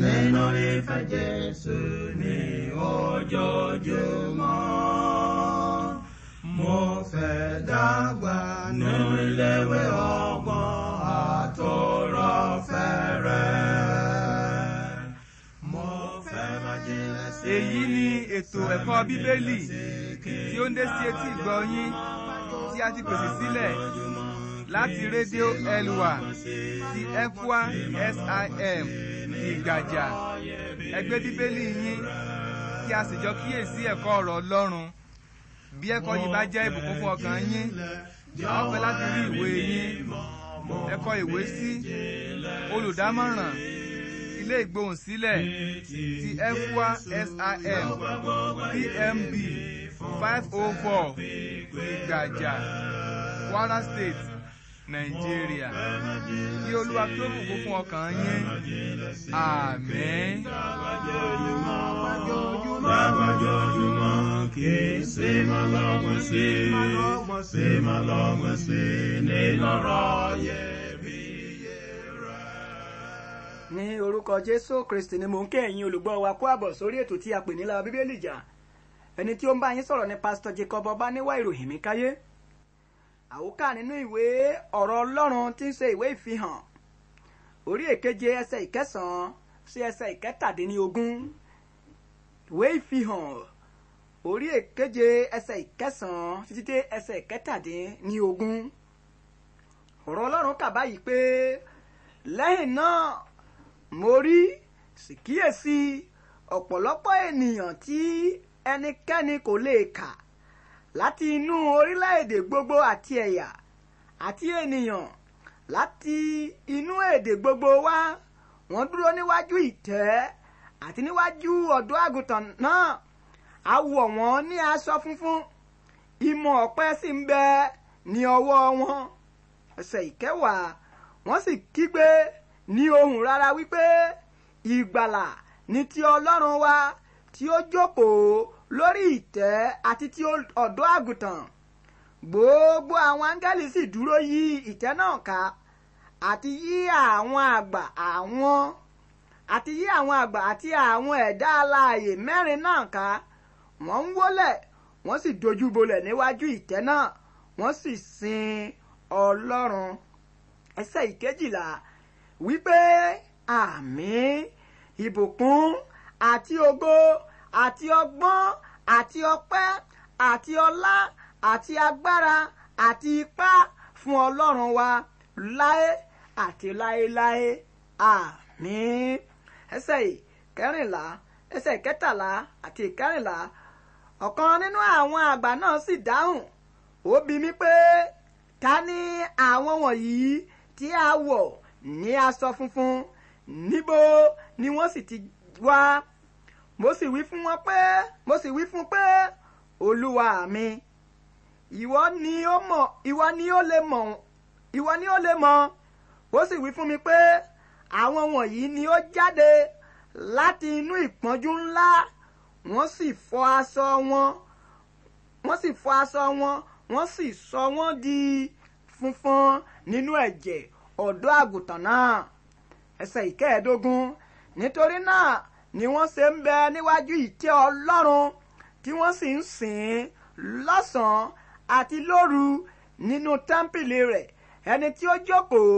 nínú ìfẹ́ Jésù ní ojoojúmọ́. Mo fẹ́ dàgbà ní iléèwé ọgbọ́n àtòrọ́ fẹ́rẹ́. Mo fẹ́ máa jìnlẹ̀ sí. Èyí ni ètò ẹ̀kọ́ Bíbélì tí ó ń dé sí etí ìgbọ́ yín tí a ti pèsè sílẹ̀ láti rédíò elua ti efua sim ti ìgàjà ẹgbẹ́ bíbélì yín kí a sì jọ kíyèsí ẹ̀kọ́ ọ̀rọ̀ ọlọ́run bí ẹ̀kọ́ yìí bá jẹ́ ìbùkún fún ọkàn yín a ó fẹ́ láti rí ìwé yín ẹ̀kọ́ ìwé sí olùdámọ̀ràn ilé ìgbohùnsílẹ̀ ti efua sim pmb five oh four ìgàjà kwara state nàìjíríà kí olúwa kí ó bùkún fún ọkàn yín àmín. lábàjọjúmọ́ lábàjọjúmọ́ kí ṣe má lọ́gbọ̀n sí ṣe má lọ́gbọ̀n sí nínú ọ̀rọ̀ iyebíye rẹ̀. ní orúkọ jésù kristi ni mò ń kẹ́ ẹ̀yin olùgbọ́ wa kú àbọ̀ sórí ètò tí a pè ní lára bíbélì jà ẹni tí ó ń bá yín sọ̀rọ̀ ni pásítọ̀ jacob ọba níwá ìròyìn mi káyé àwòká nínú ìwé ọ̀rọ̀ ọlọ́run tí ń ṣe ìwé ìfihàn orí èkeje ẹsẹ̀ ìkẹsàn-án sí ẹsẹ̀ ìkẹtàdínlógún ìwé ìfihàn orí èkeje ẹsẹ̀ ìkẹsàn-án títí dé ẹsẹ̀ ìkẹtàdínlógún ọ̀rọ̀ ọlọ́run kà báyìí pé lẹ́yìn náà mo rí sì ọ̀pọ̀lọpọ̀ ènìyàn tí ẹnikẹ́ni kò lè kà láti inú orílẹ̀-èdè gbogbo àti ẹ̀yà àti ènìyàn láti inú èdè gbogbo wá wọ́n dúró níwájú ìtẹ́ àti níwájú ọ̀dọ́ àgùntàn náà a wọ̀ wọ́n ní aṣọ funfun ìmọ̀ ọ̀pẹ sì ń bẹ ní ọwọ́ wọn ẹsẹ̀ ìkẹwàá wọ́n sì kígbe ní ohùn rárá wípé ìgbàlà ni ti Ọlọ́run wa tí ó jókòó lórí ìtẹ́ àti ti ọ̀dọ́ àgùntàn gbogbo àwọn áńgẹ́lì sì dúró yí ìtẹ́ náà ká àti yí àwọn àgbà àwọn àti yí àwọn àgbà àti àwọn ẹ̀dá alààyè mẹ́rin náà ká wọ́n ń wólẹ̀ wọ́n sì dojú bolẹ̀ níwájú ìtẹ́ náà wọ́n sì sin ọlọ́run ẹsẹ̀ ìkejìlá wípé àmín ìbùkún àti ògo àti ọgbọ́n àti ọpẹ́ àti ọlá àti agbára àti ipá fún ọlọ́run wa láé àti láéláé àmín. ẹsẹ̀ ìkẹrìnlá ẹsẹ̀ ìkẹtàlá àti ìkẹrìnlá ọ̀kan nínú àwọn àgbà náà sì dáhùn ó bi mí pé ta ni àwọn wọ̀nyí tí a wọ̀ ní aṣọ funfun níbo ni wọ́n sì ti wá mo sì wí fún wọn pé mo sì wí fún pé olúwa mi ìwọ ni ó mọ̀ ìwọ ni ó lè mọ̀ ìwọ ni ó lè mọ̀ ó sì wí fún mi pé àwọn wọ̀nyí ni ó jáde láti inú ìpọ́njú ńlá wọ́n sì fọ aṣọ wọn wọ́n sì fọ aṣọ wọn wọ́n sì sọ wọ́n di funfun nínú ẹ̀jẹ̀ ọ̀dọ́ àgùntàn náà ẹsẹ̀ ìkẹẹ̀ẹ́dógún nítorí náà ni wọ́n ṣe ń bẹ níwájú ìtẹ́ Ọlọ́run tí wọ́n sì ń sìn ín lọ́sàn-án àti lóru nínú tẹ́ḿpìlì rẹ̀ ẹni tí ó jókòó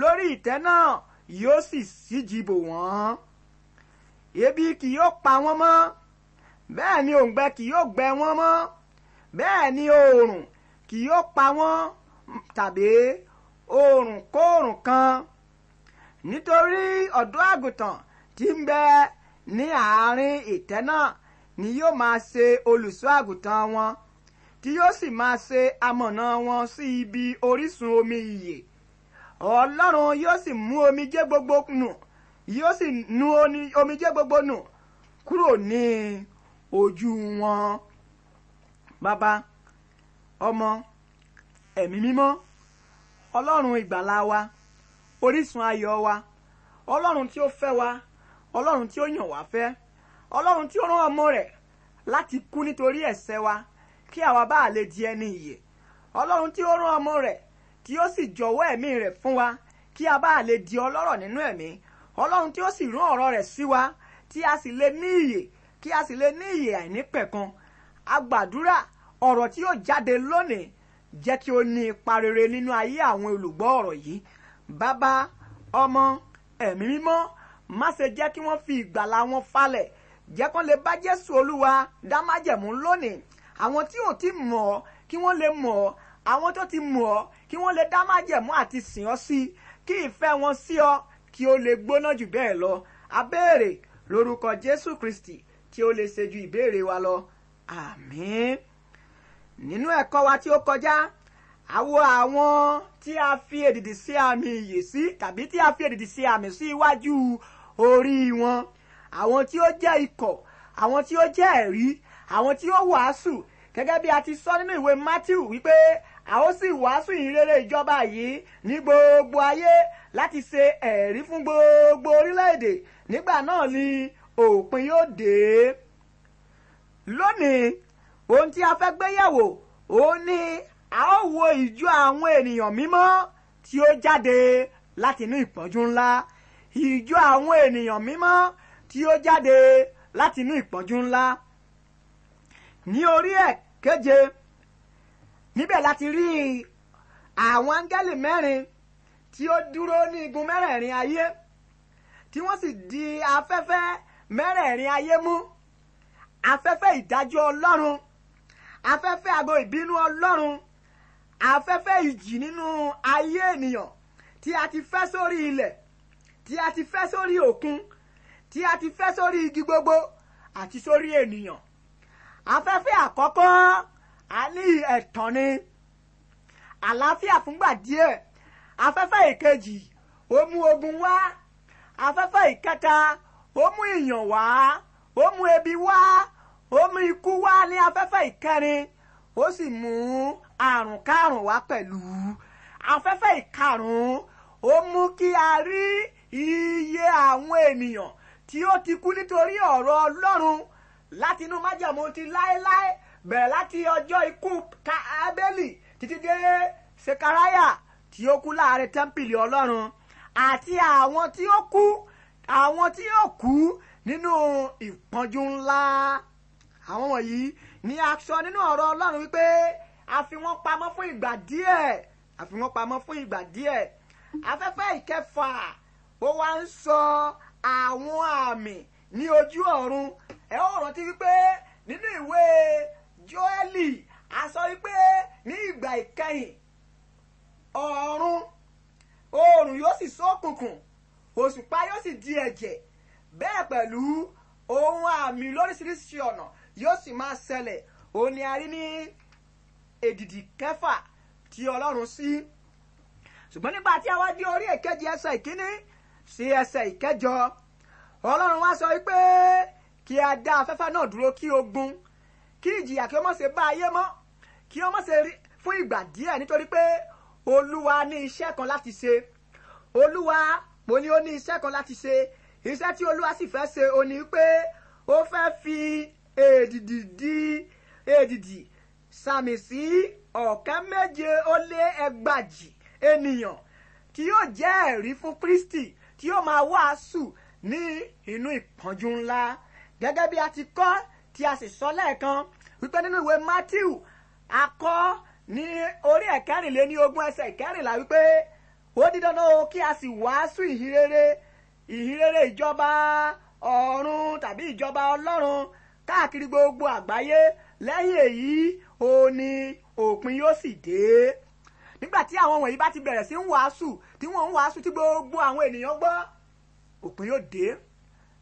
lórí ìtẹ́ náà yóò sì ṣíjìbò wọ́n. ebi kì yóò pa wọ́n mọ́ bẹ́ẹ̀ ni òǹgbẹ kì yóò gbẹ wọ́n mọ́ bẹ́ẹ̀ ni oòrùn kì yóò pa wọ́n tàbí oòrùn kóòrùn kan nítorí ọ̀dọ́ àgùntàn tí ń bẹ ní àárín ìtẹ́ náà ni yóò máa ṣe olùṣọ́ àgùntàn wọn tí yóò sì máa ṣe amọ̀nà wọn sí ibi orísun omi ìyè ọlọ́run yóò sì mú omijé gbogbo nù yóò sì nu omijé gbogbo nù kúrò ní ojú wọn. bàbá ọmọ ẹ̀mí mímọ́ ọlọ́run ìgbàlá wa orísun ayọ̀ wa ọlọ́run tí ó fẹ́ wa ọlọ́run tí ó yàn wá fẹ́ ọlọ́run tí ó rán ọmọ rẹ̀ láti kú nítorí ẹ̀ṣẹ̀ wa kí àwa bá lè di ẹni ìyè ọlọ́run tí ó rán ọmọ rẹ̀ tí ó sì jọ̀wọ́ ẹ̀mí rẹ̀ fún wa kí a bá lè di ọlọ́rọ̀ nínú ẹ̀mí ọlọ́run tí ó sì rán ọ̀rọ̀ rẹ̀ sí wa tí a sì lè ní ìyè kí a sì lè ní ìyè àìnípẹ̀kan a gbàdúrà ọ̀rọ̀ tí yóò jáde lónìí jẹ́ kí ó ní ipa rere nínú ayé àwọn olùgbọ́ ọ̀rọ̀ yìí bàbá ọmọ ẹ̀mí mímọ́ má ṣe jẹ́ kí wọ́n fi ìgbàlà wọn falẹ̀ jẹ́ kán lè bá jésù olúwa dá májẹ̀mú lónìí àwọn tí ò ti mọ̀ ọ́ kí wọ́n lè mọ̀ ọ́ àwọn tó ti mọ̀ ọ́ kí wọ́n lè dá májẹ̀mú àti sìn ọ́ sí kí ìfẹ́ wọn sí ọ kí ó lè gbóná jù bẹ́ẹ̀ lọ abéèrè lórúkọ jésù kristi tí ó lè ṣe ju ìbéèrè wa lọ àmín nínú ẹ̀kọ́ wa tí ó kọjá àwo àwọn tí a fi èdìdì sí àmì ìyè sí tàbí tí a fi èdìdì sí àmì sí iwájú orí wọn àwọn tí ó jẹ́ ikọ̀ àwọn tí ó jẹ́ ẹ̀rí àwọn tí ó wàásù gẹ́gẹ́ bí a ti sọ nínú ìwé Matthew wípé a ó sì wàásù ìhìnrere ìjọba yìí ní gbogbo ayé láti ṣe ẹ̀rí fún gbogbo orílẹ̀-èdè nígbà náà ni òpin yóò dé. lónìí ohun tí a fẹ́ gbé yẹ̀wò òun ni a ó wo ìjọ àwọn ènìyàn mímọ́ tí ó jáde látinú ìpọ́njú ńlá ìjọ àwọn ènìyàn mímọ́ tí ó jáde láti inú ìpọ́njú ńlá ní orí ẹ̀ keje níbẹ̀ láti rí àwọn áńgẹ́lì mẹ́rin tí ó dúró ní igun mẹ́rẹ̀ẹ̀rin ayé tí wọ́n sì di afẹ́fẹ́ mẹ́rẹ̀ẹ̀rin ayé mú afẹ́fẹ́ ìdájọ́ ọlọ́run afẹ́fẹ́ ago ìbínú ọlọ́run afẹ́fẹ́ ìjì nínú ayé ènìyàn tí a ti fẹ́ sórí ilẹ̀ tí a ti fẹ́ sórí òkun tí a ti fẹ́ sórí igi gbogbo àti sórí ènìyàn afẹ́fẹ́ àkọ́kọ́ a ní ẹ̀tàn ni àlàáfíà fúngbà díẹ̀ afẹ́fẹ́ ìkejì ó mú ogun wá afẹ́fẹ́ ìkẹta ó mú ìyàn wá ó mú ebi wá ó mú ikú wá ní afẹ́fẹ́ ìkẹrin ó sì mú àrùn kárùn wá pẹ̀lú afẹ́fẹ́ ìkarùn ó mú kí a rí iye àwọn ènìyàn tí ó ti kú nítorí ọ̀rọ̀ ọlọ́run látinú májàmú ti láéláé bẹ̀rẹ̀ láti ọjọ́ ikú kábẹ́lì títí dé sekaraya tí ó kú láàrin tẹ́ḿpìlì ọlọ́run àti àwọn tí ó kú àwọn tí ó kú nínú ìpọ́njú ńlá àwọn wọ̀nyí ni a sọ nínú ọ̀rọ̀ ọlọ́run wípé a fi wọ́n pamọ́ fún ìgbà díẹ̀ a fi wọ́n pamọ́ fún ìgbà díẹ̀ afẹ́fẹ́ ìkẹfà ó wá ń sọ àwọn àmì ní ojú ọ̀run ẹ ó rántí wípé nínú ìwé Jóẹ́lì a sọ wípé ní ìgbà ìkẹyìn ọ̀run oòrùn yóò sì ṣókùnkùn òṣùpá yóò sì di ẹ̀jẹ̀ bẹ́ẹ̀ pẹ̀lú ohun àmì lóríṣiríṣi ọ̀nà yóò sì máa ṣẹlẹ̀ òun ni a rí ní èdìdì kẹfà tí Ọlọ́run sí ṣùgbọ́n nígbà tí a wá dé orí èkejì ẹsẹ̀ ìkíní sí ẹsẹ̀ ìkẹjọ ọlọ́run wá sọ wípé kí a dá afẹ́fẹ́ náà dúró kí ogun kí ìjìyà kí ó má ṣe bá ayé mọ́ kí ó má ṣe rí fún ìgbà díẹ̀ nítorí pé olúwa ní iṣẹ́ kan láti ṣe olúwa mo ní ó ní iṣẹ́ kan láti ṣe iṣẹ́ tí olúwa sì fẹ́ ṣe ó ní pé ó fẹ́ fi èdìdì di èdìdì sàmì sí ọ̀kẹ́ méje ó lé ẹgbàjì ènìyàn kí yóò jẹ́ ẹ̀rí fún Kristi tí ó máa wàásù ní inú ìpọ́njú ńlá gẹ́gẹ́ bí a ti kọ́ tí a sì sọ lẹ́ẹ̀kan wípé nínú ìwé Matthew akọ ní orí ẹ̀kẹrìnléní ogún ẹsẹ̀ ìkẹrìnlá wípé ó di dandan o kí a sì wàásù ìhìrere ìhìrere ìjọba ọ̀run tàbí ìjọba ọlọ́run káàkiri gbogbo àgbáyé lẹ́yìn èyí ó ní òpin yóò sì dé nígbà tí àwọn wọ̀nyí bá ti bẹ̀rẹ̀ sí ń wàásù tí wọ́n ń wàásù tí gbogbo àwọn ènìyàn gbọ́ òpin yóò dé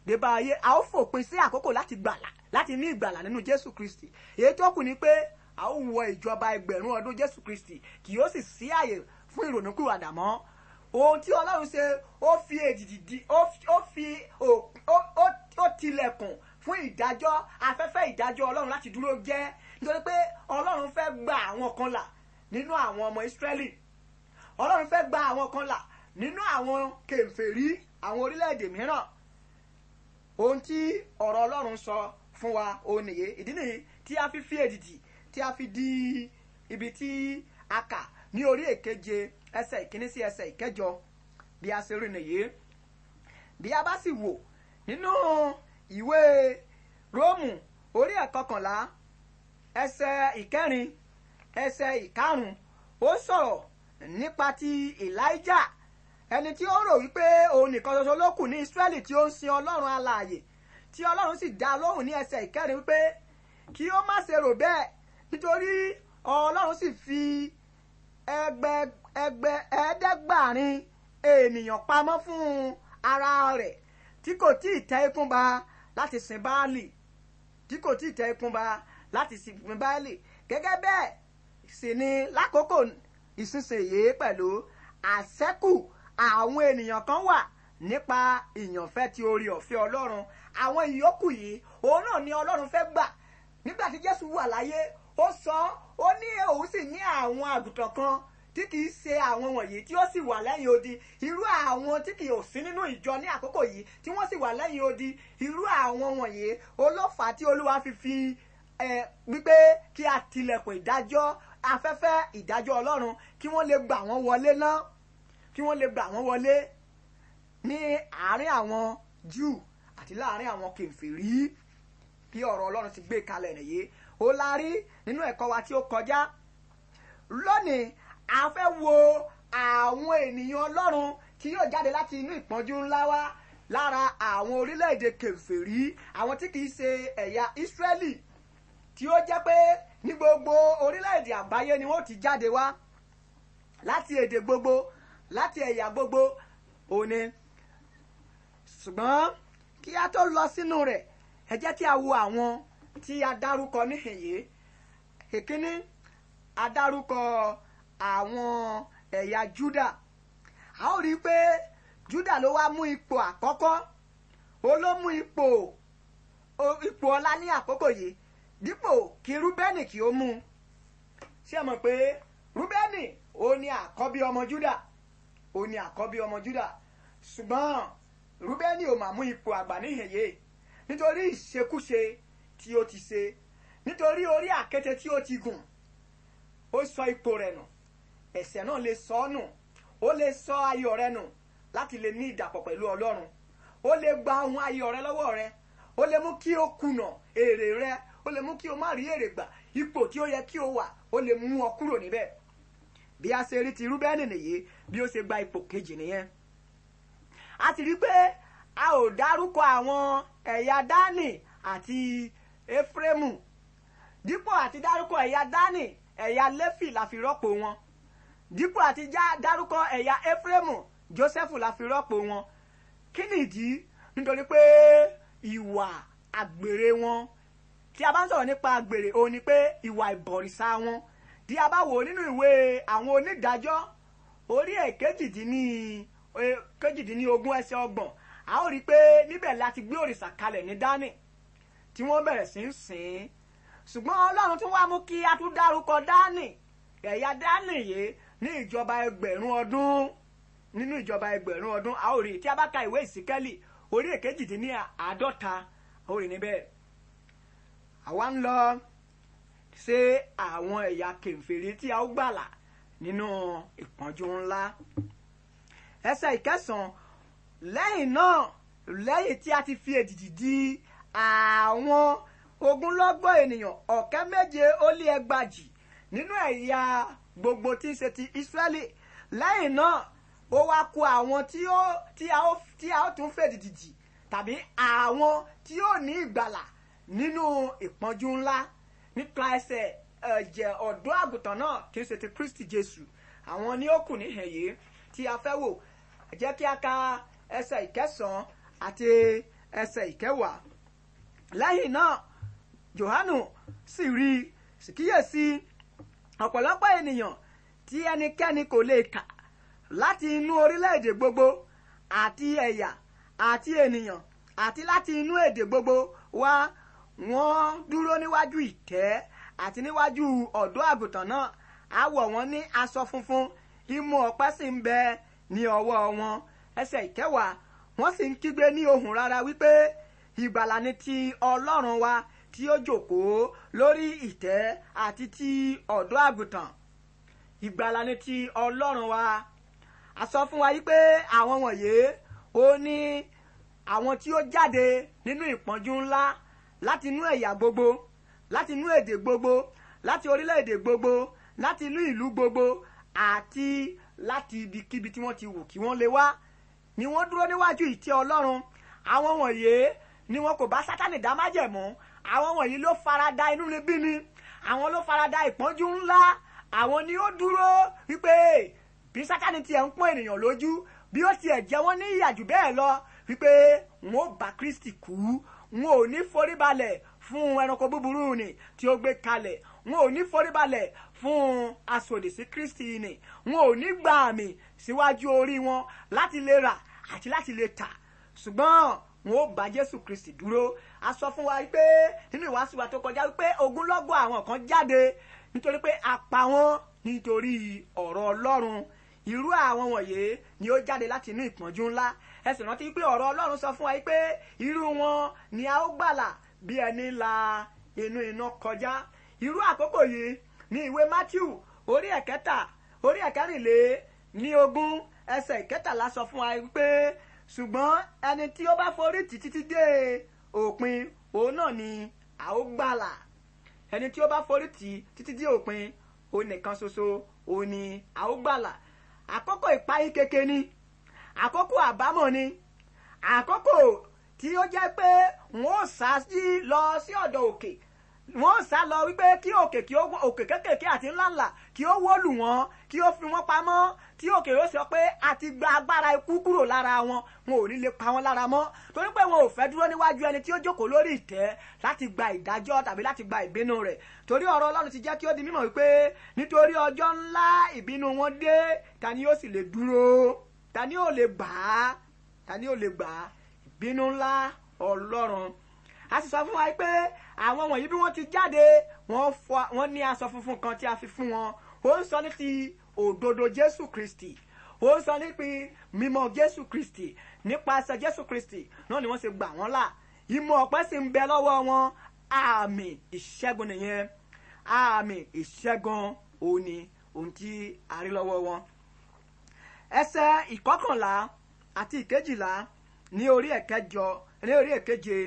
dé bá ayé a ó fòpin sí àkókò láti gbàlà láti ní ìgbàlà nínú Jésù Kristi èyí tó kù ni pé a ó wọ ìjọba ẹgbẹ̀rún ọdún Jésù Kristi kì yóò sì sí àyè fún ìrònúkúwàdà mọ́ ohun tí Ọlọ́run ṣe ó fi èjìdì di ó fi ó tilẹ̀kùn fún ìdájọ́ afẹ́fẹ́ ìdájọ́ Ọlọ́run láti dúró jẹ́ nítorí pé Ọlọ́run fẹ́ gba àwọn kan là nínú àwọn ọmọ Ísírẹ́lì ọlọ́run fẹ́ gba àwọn kan là nínú àwọn kèfèrí àwọn orílẹ̀-èdè mìíràn ohun tí ọ̀rọ̀ ọlọ́run sọ fún wa òun nìyé ìdí nìyí tí a fi fi èdìdì tí a fi di ibi tí a kà ní orí èkeje ẹsẹ̀ ìkíní sí ẹsẹ̀ ìkẹjọ bí a ṣe rí nìyí bí a bá sì wò nínú ìwé róòmù orí ẹ̀kọkànlá ẹsẹ̀ ìkẹrin ẹsẹ̀ ìkarùn-ún ó sọ̀rọ̀ nípa ti Elijah ẹni tí ó rò wípé òun nìkan ṣoṣo ló kù ní Ísírẹ́lì tí ó ń sin Ọlọ́run alààyè tí Ọlọ́run sì dá lóhùn ní ẹsẹ̀ ìkẹrin wípé kí ó má ṣe rò bẹ́ẹ̀ nítorí Ọlọ́run sì fi ẹgbẹ́ ẹgbẹ́ ẹ̀ẹ́dẹ́gbàárin ènìyàn pamọ́ fún ara rẹ̀ tí kò tí ì tẹ́ ikún ba láti sin Báálì tí kò tí ì tẹ́ ikún ba láti sin Báálì gẹ́gẹ́ bẹ́ẹ̀ sì ni lákòókò ìsinsìnyí pẹ̀lú àṣẹ́kù àwọn ènìyàn kan wà nípa ìyànfẹ́ ti orí ọ̀fẹ́ ọlọ́run àwọn ìyókù yìí òun náà ni ọlọ́run fẹ́ gbà nígbà tí jésù wà láyé ó sọ ó ní òun sì ní àwọn àgùntàn kan tí kìí ṣe àwọn wọ̀nyí tí ó sì wà lẹ́yìn odi irú àwọn tí kìí ò sí nínú ìjọ ní àkókò yìí tí wọ́n sì wà lẹ́yìn odi irú àwọn wọ̀nyí olófà tí olúwa fi fi wípé kí a tilẹ̀kùn ìdájọ́ afẹ́fẹ́ ìdájọ́ ọlọ́run kí wọ́n lè gbà wọ́n wọlé náà kí wọ́n lè gbà wọ́n wọlé ní àárín àwọn Júù àti láàárín àwọn kèfèrí bí ọ̀rọ̀ ọlọ́run ti gbé kalẹ̀ nìyí ó la rí nínú ẹ̀kọ́ wa tí ó kọjá lónìí a fẹ́ wo àwọn ènìyàn ọlọ́run tí yóò jáde láti inú ìpọ́njú ńlá wá lára àwọn orílẹ̀-èdè kèfèrí àwọn tí kìí ṣe ẹ̀yà Ísírẹ́lì tí ó jẹ́ pé ní gbogbo orílẹ̀-èdè àgbáyé ni wọ́n ti jáde wá láti èdè gbogbo láti ẹ̀yà gbogbo òní ṣùgbọ́n kí a tó lọ sínú rẹ̀ ẹ jẹ́ kí a wo àwọn tí a dárúkọ níhìnyí èkíní a dárúkọ àwọn ẹ̀yà Júdà a ó rí i pé Júdà ló wá mú ipò àkọ́kọ́ ó ló mú ipò ipò ọlá ní àkókò yìí dípò kí rúbẹ́nì kí ó mú un ṣé ẹ mọ̀ pé rúbẹ́nì ó ní àkọ́bí ọmọ júdà ó ní àkọ́bí ọmọ júdà ṣùgbọ́n rúbẹ́nì ò mà mú ipò àgbà níhìnyé nítorí ìṣekúṣe tí ó ti ṣe nítorí orí àkété tí ó ti gùn ó sọ ipò rẹ̀ nù ẹ̀ṣẹ̀ náà lè sọ ọ́ nù ó lè sọ ayọ̀ rẹ nù láti lè ní ìdàpọ̀ pẹ̀lú ọlọ́run ó lè gba ohun ayọ̀ rẹ lọ́wọ́ rẹ ó lè mú kí ó kùnà èrè rẹ ó lè mú kí o má rí èrè gbà ipò tí ó yẹ kí o wà ó lè mú ọ kúrò níbẹ̀ bí a ṣe rí ti Rúbẹ́nì nìyí bí ó ṣe gba ipò kejì nìyẹn a ti rí pé a ò dárúkọ àwọn ẹ̀yà Dánì àti Éfrémù dípò àti dárúkọ ẹ̀yà Dánì ẹ̀yà Léfì la fi rọ́pò wọn dípò àti dárúkọ ẹ̀yà Éfrémù Jósẹ́fù la fi rọ́pò wọn kí nìdí nítorí pé ìwà àgbèrè wọn tí a bá ń sọ̀rọ̀ nípa àgbèrè òun ni pé ìwà ìbọ̀rìṣà wọn tí a bá wò nínú ìwé àwọn onídàájọ́ orí ẹ̀ e, kejìdínlógún ẹsẹ̀ ọgbọ̀n a ó rí i pé níbẹ̀ láti gbé òrìṣà kalẹ̀ ní dání tí wọ́n bẹ̀rẹ̀ sí ń sìn ín ṣùgbọ́n ọlọ́run tún wá mú kí a tún dárúkọ dání ẹ̀yà dání yìí ní ìjọba ẹgbẹ̀rún ọdún nínú ìjọba ẹgbẹ̀rún ọdún a ó rí i tí a bá ka ìwé ìsíkẹ́lì orí èkejìdínní àádọ́ta a ó rí i níbẹ̀ àwa ń lọ ṣe àwọn ẹ̀yà kèfèrí tí a ó gbàlà nínú ìpọ́njú ńlá ẹsẹ̀ ìkẹsàn-án lẹ́yìn náà lẹ́yìn tí a ti fi èdìdì di àwọn ogunlọ́gbọ̀n ènìyàn ọ̀kẹ́ méje ó lé ẹgbàjì nínú ẹ̀yà gbogbo tí ń ṣe ti Ísírẹ́lì lẹ́yìn náà ó wá ku àwọn tí a ó tún fèdìdì tàbí àwọn tí ó ní ìgbàlà nínú ìpọ́njú ńlá nípa ẹsẹ̀ ẹ̀jẹ̀ ọ̀dọ́ àgùntàn náà kì í ṣe ti Kristi Jésù àwọn ni ó kù níhìn yìí tí a fẹ́ wò jẹ́ kí a ka ẹsẹ̀ ìkẹsàn-án àti ẹsẹ̀ ìkẹwàá lẹ́yìn náà Jòhánù sì rí sì kíyèsí ọ̀pọ̀lọpọ̀ ènìyàn tí ẹnikẹ́ni kò lè kà láti inú orílẹ̀-èdè gbogbo àti ẹ̀yà àti ènìyàn àti láti inú èdè gbogbo wá wọ́n dúró níwájú ìtẹ́ àti níwájú ọ̀dọ́ àgùntàn náà á wọ̀ wọ́n ní aṣọ funfun imú ọ̀pá sì ń bẹ ní ọwọ́ wọn ẹsẹ̀ ìkẹwàá wọ́n sì ń kígbe ní ohùn rara wípé ìgbàlà ni ti ọlọ́run wa tí ó jókòó lórí ìtẹ́ àti ti ọ̀dọ́ àgùntàn ìgbàlà ni ti ọlọ́run wa a sọ fún wa wípé àwọn wọ̀nyé ó ní àwọn tí ó jáde nínú ìpọ́njú ńlá láti inú ẹ̀yà gbogbo láti inú èdè gbogbo láti orílẹ̀-èdè gbogbo láti inú ìlú gbogbo àti láti ibikíbi tí wọ́n ti wù kí wọ́n lè wá ni wọ́n dúró níwájú ìtẹ́ Ọlọ́run àwọn wọ̀nyí ni wọn kò bá Sátánì dá májẹ̀mú àwọn wọ̀nyí ló farada inúnibíni àwọn ló farada ìpọ́njú ńlá àwọn ni ó dúró wípé bí Sátánì tiẹ̀ ń pọ́n ènìyàn lójú bí ó tiẹ̀ jẹ́ wọ́n ní ìyàjú bẹ́ẹ̀ lọ wípé wọn ó bá Kristi kú n ò ní foríbalẹ̀ fún ẹranko búburú ni tí ó gbé kalẹ̀ n ò ní foríbalẹ̀ fún asòdì sí Kristi ni n ò ní gba àmì síwájú orí wọn láti lè rà àti láti lè tà ṣùgbọ́n wọn ó bá Jésù Kristi dúró a sọ fún wa pé nínú ìwàásù wa tó kọjá wípé ogunlọ́gọ̀ àwọn kan jáde nítorí pé a pa wọ́n nítorí ọ̀rọ̀ Ọlọ́run irú àwọn wọ̀nyí ni ó jáde láti inú ìpọ́njú ńlá ẹ sì rántí pé ọ̀rọ̀ Ọlọ́run sọ fún wa pé irú wọn ni a ó gbàlà bí ẹni la inú iná kọjá irú àkókò yìí ni ìwé Matthew orí ẹ̀kẹta orí ẹ̀kẹrìnlé ní ogún ẹsẹ̀ ìkẹtàlá sọ fún wa pé ṣùgbọ́n ẹni tí ó bá forí tì títí dé òpin òun náà ni a ó gbàlà ẹni tí ó bá forí tì títí dé òpin òun nìkan ṣoṣo òun ni a ó gbàlà àkókò ìpayín keke ni àkókò àbámọ̀ ni àkókò tí ó jẹ́ pé wọ́n ò sá lọ sí ọ̀dọ̀ òkè wọ́n ò sá lọ wípé kí òkè kí ó òkè kékèké àti ńláńlá kí ó wólù wọ́n kí ó fi wọ́n pamọ́ tí òkè yóò sọ pé a ti gba agbára ikú kúrò lára wọn wọn ò ní lè pa wọn lára mọ́ torí pé wọn ò fẹ́ dúró níwájú ẹni tí ó jókòó lórí ìtẹ́ láti gba ìdájọ́ tàbí láti gba ìbínú rẹ̀ torí ọ̀rọ̀ Ọlọ́run ti jẹ́ kí ó di mímọ̀ wípé nítorí ọjọ́ ńlá ìbínú wọn dé ta ni yóò sì lè dúró ta ni ò lè gbà á ta ni ò lè gbà á ìbínú ńlá ọlọ́run a sì sọ fún wa pé àwọn wọ̀nyí bí wọ́n ti jáde wọ́n ní aṣọ funfun kan tí a fi fún wọn ó ń sọ ní ti òdodo jésù kristi ó ń sọ nípa mímọ̀ jésù kristi nípasẹ̀ jésù kristi náà ni wọ́n ṣe gbà wọ́n là ìmọ̀ ọ̀pẹ sì ń bẹ lọ́wọ́ wọn àmì ìṣẹ́gun nìyẹn àmì ìṣẹ́gun òní ohun tí a rí lọ́wọ́ wọn ẹsẹ̀ ìkọkànlá àti ìkejìlá ní orí ẹ̀kẹjọ ní orí ẹ̀keje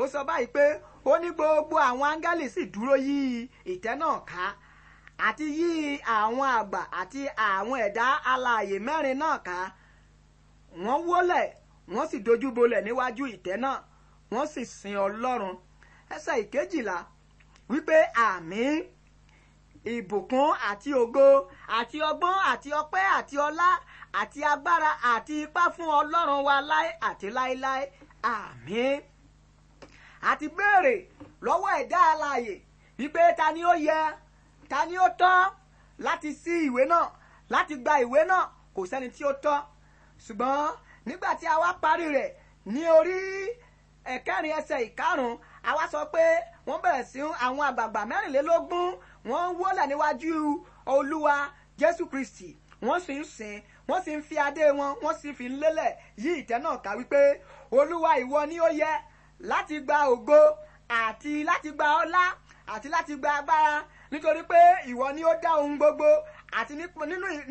ó sọ báyìí pé ó ní gbogbo àwọn áńgẹ́lì sì dúró yí ìtẹ́ náà ká àti yí àwọn àgbà àti àwọn ẹ̀dá alààyè mẹ́rin náà ká wọ́n wólẹ̀ wọ́n sì dojú bolẹ̀ níwájú ìtẹ́ náà wọ́n sì sin ọlọ́run ẹsẹ̀ ìkejìlá wípé àmín ìbùkún àti ògo àti ọgbọ́n àti ọpẹ́ àti ọlá àti agbára àti ipá fún ọlọ́run wa láé àti láéláé àmín àti béèrè lọ́wọ́ ẹ̀dá alààyè wípé ta ni ó yẹ ta ni ó tọ́ láti ṣí ìwé náà láti gba ìwé náà kò sẹ́ni tí ó tọ́ ṣùgbọ́n nígbà tí a wá parí rẹ̀ ní orí ẹ̀kẹrin ẹsẹ̀ ìkarùn-ún a wá sọ pé wọ́n bẹ̀rẹ̀ sí àwọn àgbààgbà mẹ́rìnlélógún wọ́n ń wólẹ̀ níwájú olúwa jésù kristi wọ́n sì ń sìn wọ́n sì ń fi adé wọn wọ́n sì fi ń lélẹ̀ yí ìtẹ́ náà ká wípé olúwa ìwọ ni ó yẹ láti gba ògo àti láti gba ọlá àti láti gba agbára nítorí pé ìwọ ni ó dá ohun gbogbo àti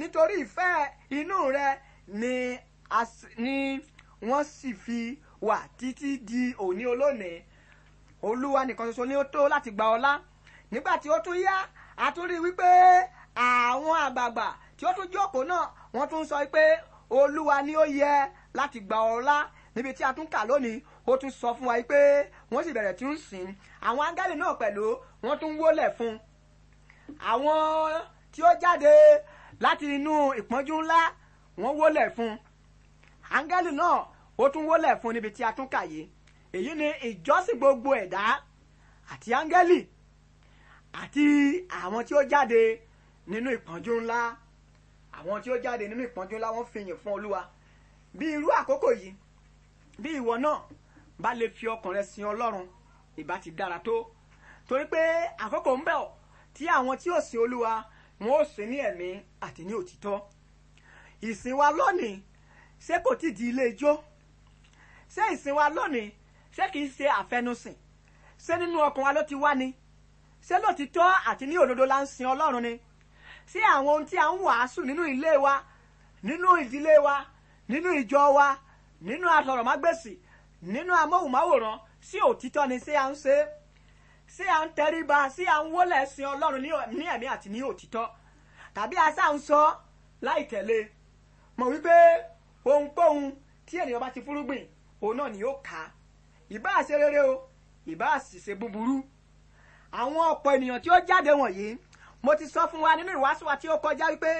nítorí ìfẹ́ inú rẹ ni wọ́n sì fi wà títí di òní olónìí olúwa nìkan ṣoṣo ni ó tó láti gba ọlá nígbà tí ó tún yá a tún rí wípé àwọn àgbààgbà tí ó tún jókòó náà wọ́n tún sọ pé olúwa ni ó yẹ láti gba ọlá níbi tí a tún kà lónìí ó tún sọ fún wa pé wọ́n sì bẹ̀rẹ̀ tí ń sìn àwọn áńgẹ́lì náà pẹ̀lú wọ́n tún wólẹ̀ fún àwọn tí ó jáde láti inú ìpọ́njú ńlá wọ́n wólẹ̀ fún áńgẹ́lì náà ó tún wólẹ̀ fún níbi tí a tún kà yìí èyí ni ìjọsìn gbogbo ẹ̀dá àti áńgẹ́lì àti àwọn tí ó jáde nínú ìpọ́njú ńlá àwọn tí ó jáde nínú ìpọ́njú ńlá wọ́n fìyìn fún olúwa bí irú àkókò yìí bí ìwọ náà bá lè fi ọkàn rẹ sin ọlọ́run ìbá ti dára tó torí pé àkókò ń bẹ̀ ọ́ tí àwọn tí ò sin olúwa wọn ò sin ní ẹ̀mí àti ní òtítọ́ ìsìn wa lónìí ṣé kò ti di ilé ijó ṣé ìsìn wa lónìí ṣé kìí ṣe àfẹnusìn ṣé nínú ọkàn wa ló ti wá ni ṣé lótìtọ́ àti ní òdodo la ń sin ọlọ́run ni sí àwọn ohun tí a ń wàásù nínú ilé wa nínú ìdílé wa nínú ìjọ wa nínú asọ̀rọ̀mágbèsì nínú amóhùnmáwòrán sí òtítọ́ ni sí à ń ṣe sí à ń tẹríba sí à ń wólẹ̀ sin ọlọ́run ní ẹ̀mí àti ní òtítọ́ tàbí a sá ń sọ láì tẹ̀lé mọ̀ wípé ohunkóhun tí ènìyàn bá ti fúrúgbìn òun náà ni yóò ká ìbáà ṣe rere o ìbáà sì ṣe búburú àwọn ọ̀pọ̀ ènìyàn tí ó jáde wọ̀nyí mo ti sọ fún wa nínú ìwàásù wa tí ó kọjá wípé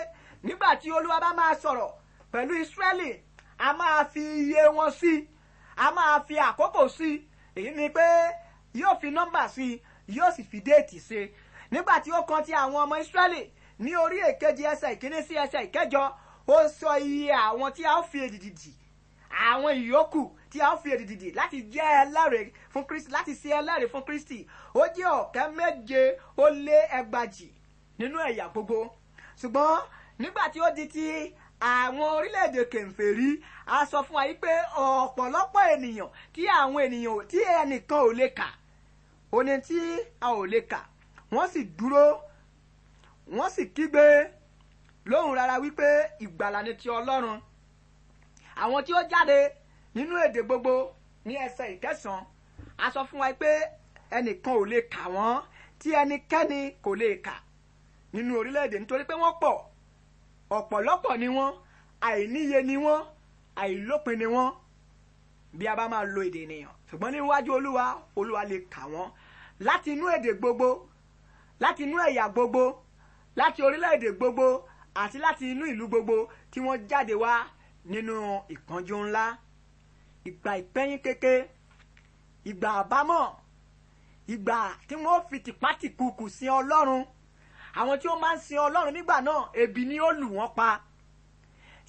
nígbà tí olúwa bá máa sọ̀rọ̀ pẹ̀lú ìsírẹ́lì a máa fi iye wọn sí a máa fi àkókò sí èyí ni pé yóò fi nọ́mbà sí yóò sì fi déètì sí nígbà tí ó kan ti àwọn ọmọ ìsírẹ́lì ní orí èkejì ẹsẹ̀ ìkíní sí ẹsẹ̀ ìkẹjọ ó sọ iye àwọn tí a ó fi èdìdìdì àwọn ìyókù tí a ó fi èdìdìdì láti jẹ́ ẹlẹ́rìí fún Kristi láti ṣe ẹlẹ́rìí fún Kristi ó jẹ́ ọ̀kẹ́ méje ó lé ẹgbàjì nínú ẹ̀yà gbogbo ṣùgbọ́n nígbà tí ó di ti àwọn orílẹ̀-èdè kèǹfèrí a sọ fún wa pé ọ̀pọ̀lọpọ̀ ènìyàn tí àwọn ènìyàn tí ẹnìkan ò lè kà òní tí a ò lè kà wọ́n sì dúró wọ́n sì kígbe lóhùn rárá wípé ìgbàlà ni ti ọlọ́run àwọn tí ó jáde nínú èdè gbogbo ní ẹsẹ̀ ìkẹsàn-án a sọ fún wa pé ẹnìkan ò lè kà wọ́n tí ẹnikẹ́ni kò lè kà nínú orílẹ̀-èdè nítorí pé wọ́n pọ̀ ọ̀pọ̀lọpọ̀ ni wọ́n àìníye ni wọ́n àìlópin ni wọ́n bí a bá máa lo èdè ènìyàn ṣùgbọ́n níwájú olúwa olúwa lè kà wọ́n láti inú èdè gbogbo láti inú ẹ̀yà gbogbo láti orílẹ̀-èdè gbogbo àti láti inú ìlú gbogbo tí wọ́n jáde wá nínú ìpọ́njú ńlá ìgbà ìpẹ́yìn kéke ìgbà àbámọ̀ ìgbà tí wọ́n fi tìpátìkùkù sí ọlọ́run àwọn tí ó máa ń sin ọlọ́run nígbà náà ebi ni ó lù wọ́n pa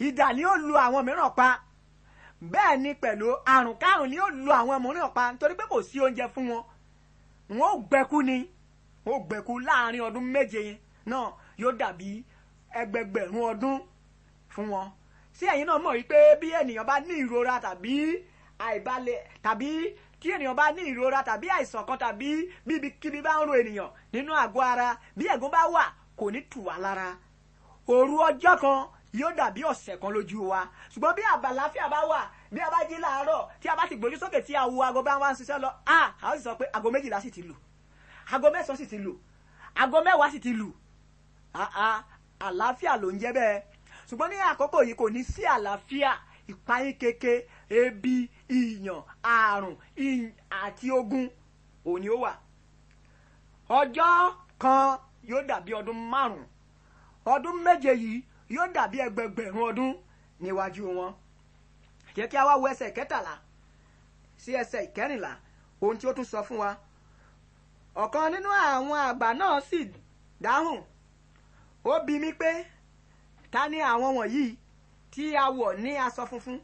ìdà ni ó lu àwọn mìíràn pa bẹ́ẹ̀ ni pẹ̀lú àrùn kárùn ni ó lu àwọn mìíràn pa nítorí pé kò sí oúnjẹ fún wọn wọn ò gbẹ́kú ni wọn ò gbẹ́kú láàrin ọdún méje yẹn náà yóò dàbí ẹgbẹgbẹ̀rún ọdún fún wọn ṣé ẹ̀yin náà mọ̀ wípé bí ènìyàn bá ní ìrora tàbí àìbalẹ̀ tàbí kí ènìyàn bá ní ìrora tàbí àìsàn kan tàbí bíbi kíbi bá ń ro ènìyàn nínú àgọ́ ara bí ẹ̀gún bá wà kò ní tù wá lára òru ọjọ́ kan yóò dàbí ọ̀sẹ̀ kan lójú wa ṣùgbọ́n bí àbàláfíà bá wà bí a bá jí láàárọ̀ tí a bá ti gbójú sókè tí a wo aago bá wá ń ṣiṣẹ́ lọ a a ó sì sọ pé aago méjìlá sì ti lù aago mẹ́sàn-án sì ti lù aago mẹ́wàá sì ti lù àlàáfíà ló ń jẹ́ bẹ́ẹ̀ ṣùgbọ́n ní àkókò yìí kò ní sí àlàáfíà ìpayín keke ebi ìyàn àrùn àti ogun òní ó wà ọjọ́ kan yóò dàbí ọdún márùn-ún ọdún méje yìí yóò dàbí ẹgbẹgbẹ̀rún ọdún níwájú wọn jẹ́ kí a wá wo ẹsẹ̀ kẹtàlá sí ẹsẹ̀ ìkẹrìnlá ohun tí ó tún sọ fún wa ọ̀kan nínú àwọn àgbà náà sì dáhùn ó bi mí pé ta ni àwọn wọ̀nyí tí a wọ̀ ní aṣọ funfun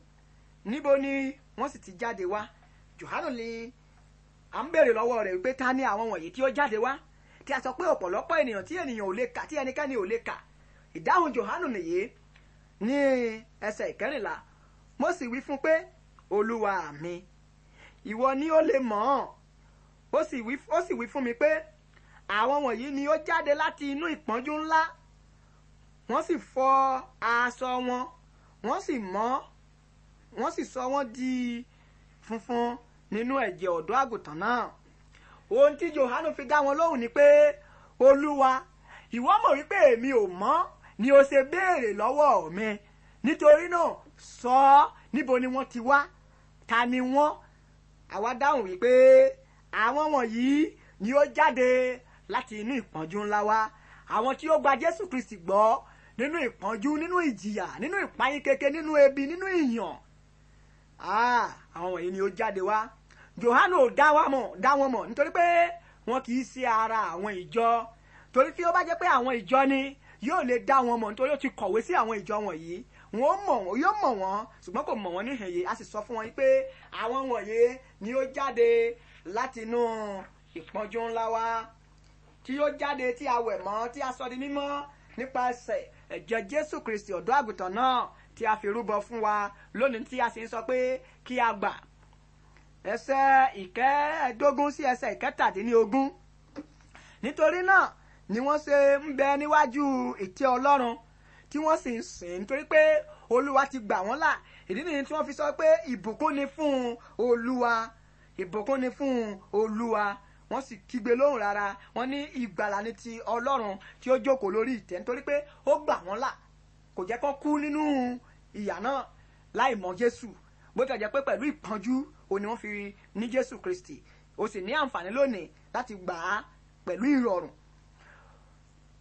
níbo ni wọ́n sì ti jáde wá Jòhánù ni à ń béèrè lọ́wọ́ rẹ̀ wípé ta ni àwọn wọ̀nyí tí ó jáde wá tí a sọ pé ọ̀pọ̀lọpọ̀ ènìyàn tí ènìyàn ò lè kà tí ẹnikẹ́ni ò lè kà ìdáhùn Jòhánù nìyí ní ẹsẹ̀ ìkẹrìnlá mo sì wí fún pé olúwa mi ìwọ ni ó lè mọ̀ ọ́n ó sì wí fún mi pé àwọn wọ̀nyí ni ó jáde láti inú ìpọ́njú ńlá wọ́n sì fọ aṣọ wọn wọ́n sì mọ́ wọ́n sì sọ wọ́n di funfun nínú ẹ̀jẹ̀ ọ̀dọ́ àgùntàn náà ohun tí Jòhánù fi dá wọn lóhùn ni pé olúwa ìwọ mọ̀ wípé èmi ò mọ́ ni o ṣe béèrè lọ́wọ́ mi nítorí náà sọ ọ́ níbo ni wọ́n ti wá ta ni wọ́n àwa dáhùn wípé àwọn wọ̀nyí ni ó jáde láti inú ìpọ́njú ńlá wa àwọn tí ó gba Jésù Kristi gbọ́ nínú ìpọ́njú nínú ìjìyà nínú ìpayín keke nínú ebi nínú ìyàn ah, àwọn wọ̀nyí ni ó jáde wá Jòhánù ò dá wọn mọ̀ nítorí pé wọn kì í ṣe ara àwọn ìjọ torí tí ó bá jẹ́ pé àwọn ìjọ ni yóò lè dá wọn mọ̀ nítorí ó ti kọ̀wé sí àwọn ìjọ wọ̀nyí wọn mọ̀ wọn yóò mọ̀ wọn ṣùgbọ́n kò mọ̀ wọn ní ìhẹ̀yẹ a sì sọ fún wọn pé àwọn wọ̀nyí ni ó jáde láti inú ìpọ́njú ńlá wá tí ó jáde tí a wẹ̀ mọ́ tí a sọ di mímọ́ nípasẹ̀ ẹ̀jẹ̀ jésù kristi ọ̀dọ́ àgùntàn náà tí a fi rúbọ fún wa lónìí tí a sì ń sọ pé kí a gbà ẹsẹ̀ ìkẹẹ̀ẹ́dógún sí ẹsẹ̀ ìkẹtàdínlógún nítorí náà ni wọ́n ṣe ń bẹ níwájú ìtẹ́ ọlọ́run tí wọ́n sì ń sìn nítorí pé olúwa ti gbà wọ́n là ìdí nìyí tí wọ́n fi sọ pé ìbùkún ni fún olúwa ìbùkún ni fún olúwa wọ́n sì kígbe lóhùn rárá wọ́n ní ìgbàlà ni ti ọlọ́run tí ó jókòó lórí ìtẹ́ nítorí pé ó gbà wọ́n là kò jẹ́ kó kú nínú ìyà náà láì mọ jésù bó ti jẹ́ pé pẹ̀lú ìpọ́njú òní wọ́n fi ní jésù kristi ó sì ní àǹfààní lónìí láti gbà á pẹ̀lú ìrọ̀rùn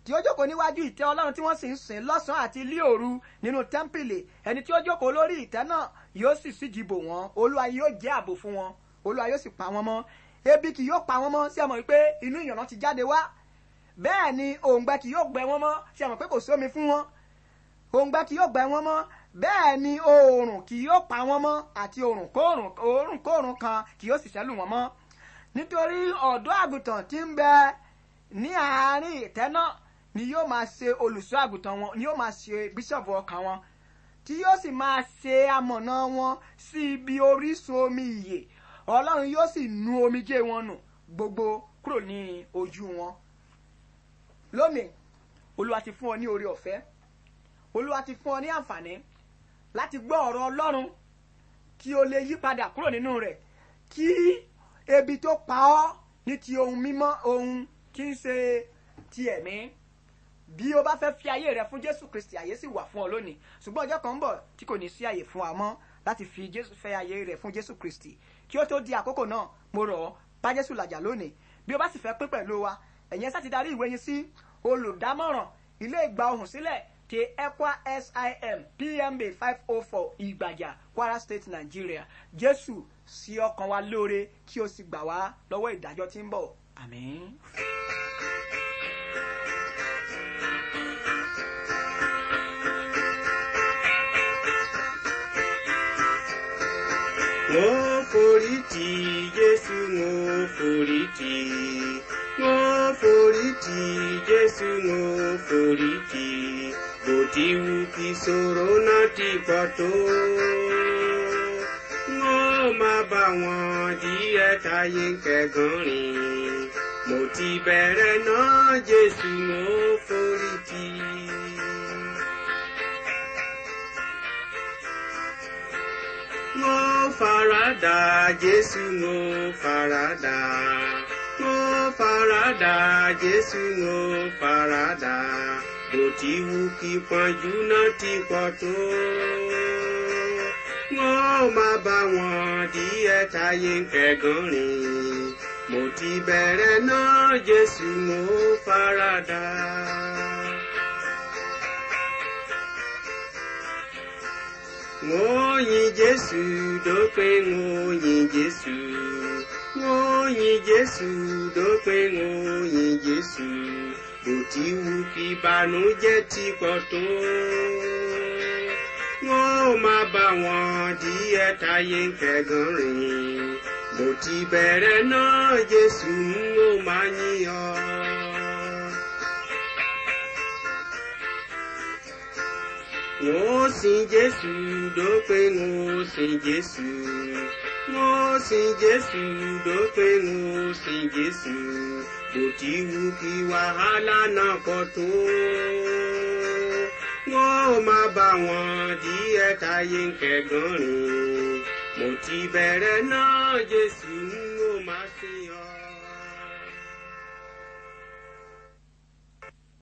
tí ó jókòó níwájú ìtẹ́ ọlọ́run tí wọ́n sì ń sìn lọ́sàn-án àti ilé òru nínú tẹ́ḿpìlì ẹni tí ó jókòó lórí ìtẹ́ náà yóò sì ṣíji bò wọ́n olúwa yóò jẹ́ ààbò fún wọn olúwa yóò sì pa wọ́n mọ́ ebi kì yóò pa wọ́n mọ́ sí àmọ́ pé inú ìyànà ti jáde wá bẹ́ẹ̀ ni òǹgbẹ kì yóò gbẹ wọ́n mọ́ sí àmọ́ pé kò sí omi fún wọn òǹgbẹ kì yóò gbẹ wọ́n mọ́ bẹ́ẹ̀ ni oòrùn kì yóò pa wọ́n mọ́ àti oòrùn kóòrùn oòrùn kóòrùn kan kì yóò sì ṣẹ́lù wọ́n mọ́ nítorí ọ̀dọ́ àgùntàn tí ń bẹ ní àárín ìtẹ́ náà ni yóò máa ṣe olùṣọ́ àgùntàn wọn ni yóò máa ṣe bíṣọ̀bù ọkàn wọn tí yóò sì máa ṣe amọ̀nà wọn sí ibi orísun omi ìyè ọlọ́run yóò sì nu omijé wọn nù gbogbo kúrò ní ojú wọn lónìí olúwa ti fún ọ ní oore ọ̀fẹ́ olúwa ti fún ọ ní àǹfààní láti gbọ́ ọ̀rọ̀ ọlọ́run kí o lè yí padà kúrò nínú rẹ̀ kí ebi tó pa ọ́ ní ti ohun mímọ́ ohun kí n ṣe ti ẹ̀mí bí o bá fẹ́ fi ayé rẹ fún jésù kristi àyè sì wà fún ọ lónìí ṣùgbọ́n ọjọ́ kan ń bọ̀ tí kò ní sí àyè fún wa mọ́ láti fi fẹ́ ayé rẹ fún jésù kristi kí ó tó di àkókò náà mo rọ̀ ọ́ bá Jésù làjà lónìí bí o bá sì fẹ́ pín pẹ̀lú wa ẹ̀yin sá ti darí ìwé yín sí olùdámọ̀ràn ilé ìgbà ohùn sílẹ̀ ti ECWA SIM PMB five oh four Ìgbàjà Kwara State Nigeria Jésù sí ọkàn wa lóore kí o sì gbà wá lọ́wọ́ ìdájọ́ tí ń bọ̀ àmín. Yeah. Oh forí tì Jésù mo forí tì mo forí tì Jésù mo forí tì bó ti wù kí ṣòro náà ti pọ̀ tó má bá wọn díẹ̀ táyé ń kẹ́gàn rìn mo ti bẹ̀rẹ̀ náà Jésù mo forí Farada, Jesu, mo faradà mo faradà Jésù mo faradà bó ti wù kí pọ́njú náà ti pọ̀ tó wọn ò má bá wọn díẹ̀ táyé ń kẹ́gàn rìn mo ti bẹ̀rẹ̀ náà Jésù mo faradà. Mo yìn Jésù dópin mo yìn Jésù. Mo yìn Jésù dópin mo yìn Jésù. Bó ti wù kí ìbànújẹ́ ti pọ̀ tó. Wọ́n máa bá wọn di ẹ̀ta yé ń kẹ́gàn rìn. Mo ti bẹ̀rẹ̀ náà Jésù mo máa yìn ọ́. mo sin jésù dópin mo sin jésù mo sin jésù dópin mo sin jésù kò tí wù kí wàhálà náà pọ̀ tó wọn ò má bà wọn díẹ̀ táyé ń kẹ́gàn